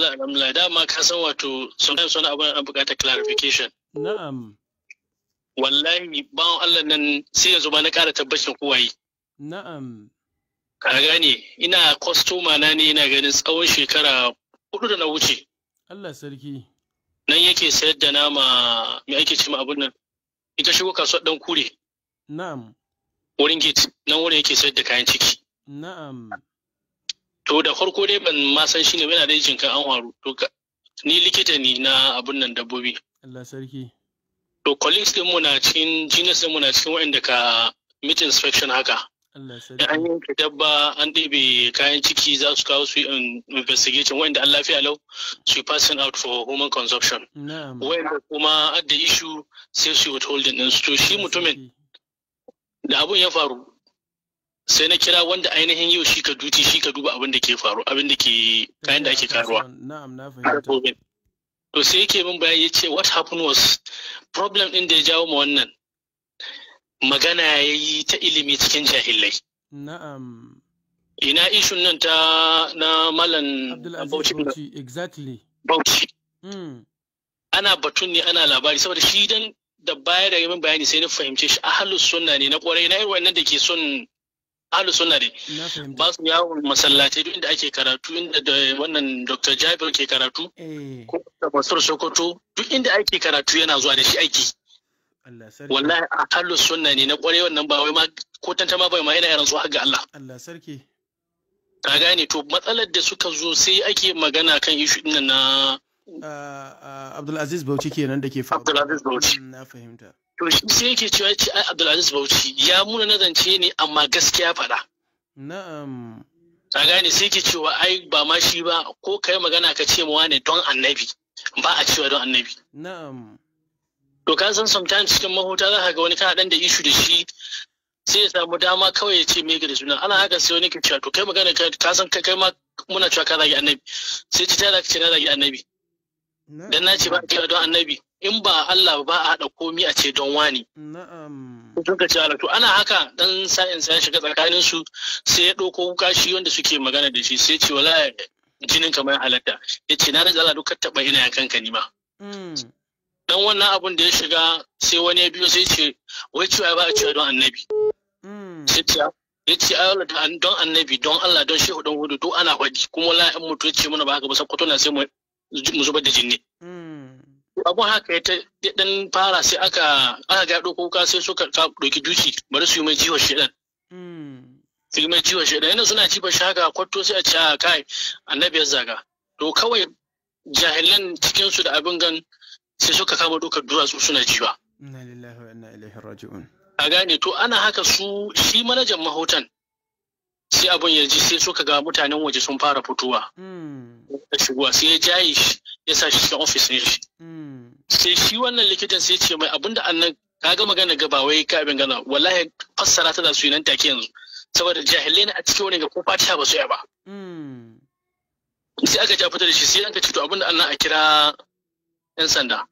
Malam Alhamdulillah dama ka san wato sunan sunan abin an bukata clarification. Na'am. Wallahi bawan Allah nan sai yanzu ba na ƙara tabbacin kowaye. Na'am. Ka gane ina kwastoma na ne ina ganin tsawon shekara hudu da na wuce. Allah sarki. Nan yake sayar da nama me ake cima abin nan. Ita shigo kasuwar dan kure. Na'am. Wurin gate nan wurin yake sayar da kayan ciki. Na'am. to da farko dai ban ma san shine yana da jinkan an haru to ni likita ne na abun nan dabbobi Allah sarki to colleagues din mu na cikin genus din mu na cikin waɗanda ka meet inspection haka an yanke dabba an ɗebe kayan ciki za su kawo su yi investigation wanda an lafiya lau su yi passing out for human consumption wanda kuma at the issue sai su yi withholding din su to shi mutumin da abun ya faru sai na kira wanda ainihin yau shi ka duti shi ka duba abin da ke faru abin da ke kayan da ake karuwa to sai yake min ya yace what happened was problem din da ya jawo ma wannan magana ya yi ta ilimi cikin jahilai na'am ina ishun nan ta na malam Bauchi exactly Bauchi hmm. ana batun ne ana labari saboda shi dan da baya da min bayani sai na fahimce shi ahlus sunna ne na kwarai na irin wannan da ke son ahlus sunna ne ba su yawon masallatai duk inda ake karatu inda da wannan Dr. Jabir ke karatu eh. ko da Masar Sokoto duk inda ake karatu yana zuwa da shi aiki wallahi ahlus sunna ne na kware wannan ba wai ma ko ma bai ma yana yaran su ga Allah Allah sarki ka gane to matsalar da suka zo sai ake magana kan ishu din na ah, ah, Abdulaziz Bauchi kenan da ke faɗa Abdulaziz Bauchi mm, na fahimta to sai yake cewa ce ai Abdulaziz Bauchi ya muna nazance ne amma gaskiya faɗa na'am ka gane sai yake cewa ai ba ma shi ba ko kai magana ka ce mu wane don annabi ba a cewa don annabi na'am to ka san sometimes cikin mahuta za ka ga wani kana dan da issue da shi sai ya samu dama kawai ya ce me ga suna ana haka sai wani ke cewa to kai magana ka san kai ma muna cewa ka zagi annabi sai ci ka ce na zagi annabi dan na ce ba cewa don annabi in ba Allah ba a haɗa komi a ce don wani. Na'am. ce to ana haka dan sa'in ya shiga tsakanin su sai ya ɗauko wuka shi wanda suke magana da shi sai ce wala jinin kamar halatta ya ce na rantsa duk taɓa ina yakan ka nima. Mm. Dan wannan abun da ya shiga sai wani ya biyo sai ce wai cewa ba a cewa don annabi. Mm. ya ce ayola da don annabi don Allah don shehu don hudu duk ana faɗi kuma wala mutu ya ce mana ba haka ba sakkwato na sai mu zubar da jini. Mm. abun haka ya dan fara sai aka aka ga doko kuka sai suka ɗauki duki bari su yi mai jiwa shedan hmm. su yi mai jiwa shedan yana suna jiba shi haka kwato sai a ce a ah, kai annabi ya zaga to kawai jahilan cikinsu da abin gan sai suka kama ɗaukar duwatsu suna jiwa. Inna lillahi wa inna ilaihi raji'un. A gane to ana haka su shi manajan mahotan sai abun ya ji sai suka ga mutanen waje sun fara fitowa. Da hmm. shigowa sai ya jayi ya sa shi cikin ofis ne shi. Hmm. sai shi wannan likitan sai ce mai abinda annan kaga magana ga bawai ka abin gana wallahi fassara ta da su nan take yanzu saboda jahilai ne a cikin wani ga ko fatiha ba su ya ba hmm. sai aka ja fita da shi sai ka ci to abinda annan a kira yan sanda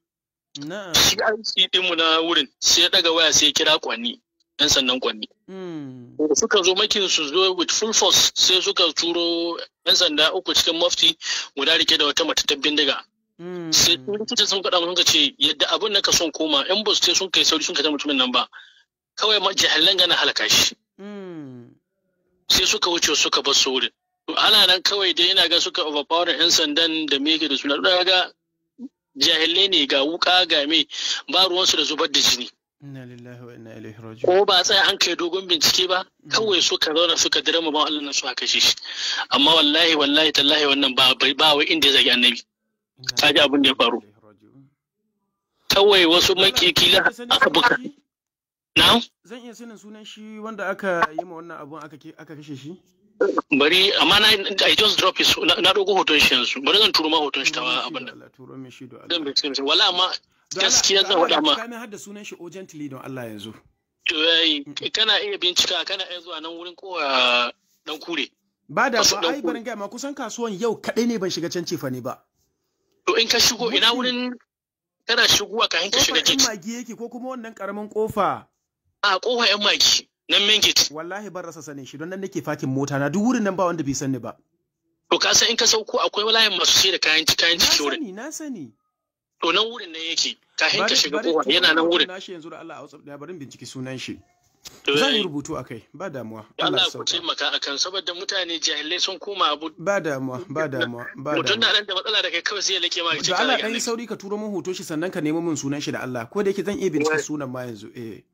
shi ci din mu na wurin sai ya daga waya sai ya kira kwanni yan sandan kwanni hmm. suka zo makin su zo with full force sai suka turo yan sanda uku cikin mafti guda rike da wata matattabbin daga sai mm. sun faɗa sun ce yadda abin na ka son koma yan ba su sun kai sauri sun kaza mutumin nan ba kawai ma jahallan gana halaka shi mm. sai suka wuce suka bar su wurin ana nan kawai dai yana ga suka overpower yan sandan da me yake da suna da ga jahilai ne ga wuka ga me ba ruwansu da zubar da jini ko ba tsaya an kai dogon bincike ba mm. kawai suka zauna suka dirama ba Allah na su a kashe shi amma wallahi wallahi tallahi wannan ba ba wai inda ya zagi annabi kaji abin da ya faru kawai wasu kila aka buka na zan iya sanin sunan shi wanda aka yi ma wannan abun aka kashe shi bari amma na i just drop his na dogo hoton shi yanzu bari zan turo ma hoton shi ta abin da zan bai cikin wala amma gaskiya zan wada ma kana hada sunan shi urgently don Allah yanzu kana iya bincika kana iya zuwa nan wurin ko dan uh, kure ba da ba ai barin ga ma kusan kasuwan yau kadai ne ban shiga can ne ba to in ka shigo ina wurin kana shigowa ka hanka shiga gate magi yake ko kuma wannan karamin kofa a kofa yan magi nan main gate wallahi ban rasa sanin shi don nan nake fakin mota na duk wurin nan ba wanda bai sanni ba to ka san in ka sauko akwai wallahi masu sai da kayan kayan ciki wurin na sani to nan wurin nan yake ka hanka shiga kofa yana nan wurin na shi yanzu da Allah a WhatsApp da barin binciki sunan shi Zan yi eh, rubutu a kai, ba damuwa. Allah ku maka a kan saboda mutane jahilai sun koma abu. Ba damuwa, ba damuwa, ba damuwa. Mutum na nan da matsala da kai kawai sai ya lake ma cikin. Da Allah ɗan yi sauri ka turo min hoto shi sannan ka nemo min sunan shi da Allah, ko da yake zan iya bincika sunan ma yanzu. Eh.